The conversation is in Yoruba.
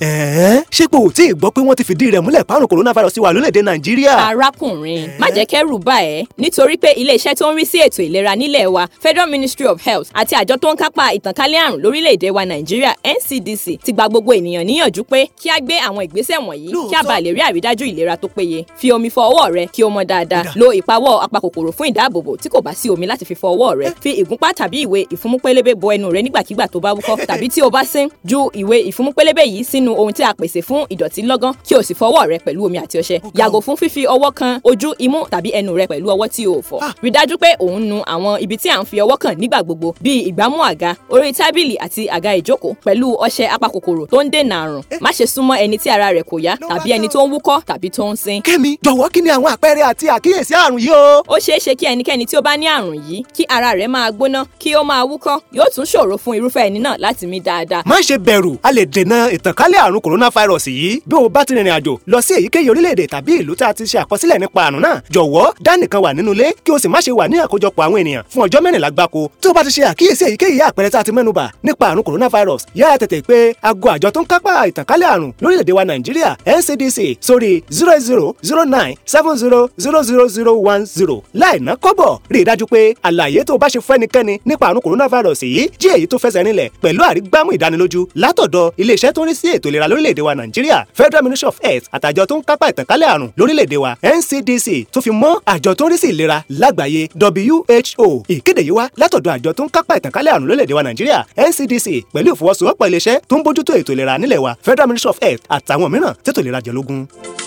ええ ṣé pé o tí ì gbọ́ pé wọ́n ti fìdí rẹ̀ múlẹ̀ párùn coronavirus wà lórílẹ̀‐èdè nàìjíríà. arákùnrin má jẹ́ kẹ́rù bà ẹ́ nítorí pé iléeṣẹ́ tó ń rí sí ètò ìlera nílẹ̀ wa federal ministry of health àti àjọ tó ń kápá ìtànkálẹ̀ àrùn lórílẹ̀‐èdè wa nàìjíríà ncdc ti gba gbogbo ènìyàn níyànjú pé kí a gbé àwọn ìgbésẹ̀ wọ̀nyí kí a bá lè rí àrídájú ìlera tó péye fi omi fọ ọwọ́ rẹ kí o mọ dáadáa lo ìpawọ́ apakòkòrò fún ìdáàbòbò tí kò bá sí omi láti fi fọ ọwọ́ rẹ eh. fi ìgúnpá tàbí ìwé ìfúnmúpélébé bo ẹnu rẹ nígbàkigbà tó bá wúkọ́ eh. tàbí tí o bá sín ju ìwé ìfúnmúpélébé yìí sínú ohun tí a pèsè fún ìdọ̀tí lọ́gán kí o sì fọwọ́ rẹ pẹ̀lú omi àti ọṣẹ yàgò fún fífi ọwọ́ kan ojú imú tàbí ẹnu rẹ pẹ̀lú ọwọ́ tí o fọ̀ rí dájú pé ò ń nu àwọn ibi tí à ń fi ọwọ́ kàn nígbà gbogbo bíi ìgbámú àga orí tábìlì àti àga ìjókòó pẹ̀lú ọṣẹ apakòkòrò tó ń dènà àrùn eh. má ṣe súnmọ́ ẹni tí ara rẹ̀ kò yá tàbí ẹni tó ń wúkọ́ tàbí tó ń sín. Kẹ́mi jọ̀wọ́ kí ni àwọn àpẹẹrẹ àti àkíyèsí àrùn yìí o. ó ṣeé ṣe kí ẹnikẹ́ni tí ó bá ní àrùn yìí kí ara rẹ̀ máa gbóná kí ó máa wúkọ́ yóò tún ṣòro fún irúfẹ́ ẹni náà láti mí dáadáa. má ṣe bẹ̀rù a lè dènà ìtànkálẹ̀ àrùn coronavirus sọ̀rọ̀ sí yìí bí o bá ti rìnrìn àjò lọ sí èyíkéyìí orílẹ̀-èdè tàbí ìlú tá a ti ṣe àkọsílẹ̀ nípa àrùn náà jọ̀wọ́ dá nìkan wà nínú ilé kí o sì má ṣe wà ní àkójọpọ̀ àwọn ènìyàn fún ọjọ́ mẹ́rìnlá gbáko tó bá ti ṣe àkíyèsí èyíkéyìí àpẹẹrẹ tá a ti mẹ́nubà nípa àrùn coronavirus yára tètè pé aago àjọ tó ń kápá ìtànkálẹ̀ àrùn lórílẹ̀‐èdè wa nàìjíríà ncdc sórí zero zero zero nine seven zero zero zero zero one zero láì ná kọ́bọ̀ rí i dájú pé àlàyé tó o bá ṣe fún ẹnikẹ́ni nípa àrùn coronavirus yìí jẹ́ èyí tó fẹsẹ̀ rinlẹ̀ pẹ̀lú àrígbámú ìdánilójú látọ̀dọ̀ iléeṣẹ́ tó ń rí sí ètò ìlera lórílẹ̀‐èdè wa nàìjíríà nàìjíríà federal ministry of health àtàjọ tó ń kápá ìtànkálẹ̀ àrùn lórílẹ̀‐èdè wa ncdc tó fi mọ́ àjọ tó ń rí sí ìlera lágbàáyé who ìkéde yìí wá látọ̀dọ̀ àjọ tó ń kápá ìtànkálẹ̀ àrùn lórílẹ̀‐èdè wa nàìjíríà ncdc pẹ̀lú ìfọwọ́sowọ́pọ̀ iléeṣẹ́ tó ń bójútó ètò ìlera nílẹ̀ wa federal ministry of health àtàwọn mìíràn tètò ìlera jẹ lógún.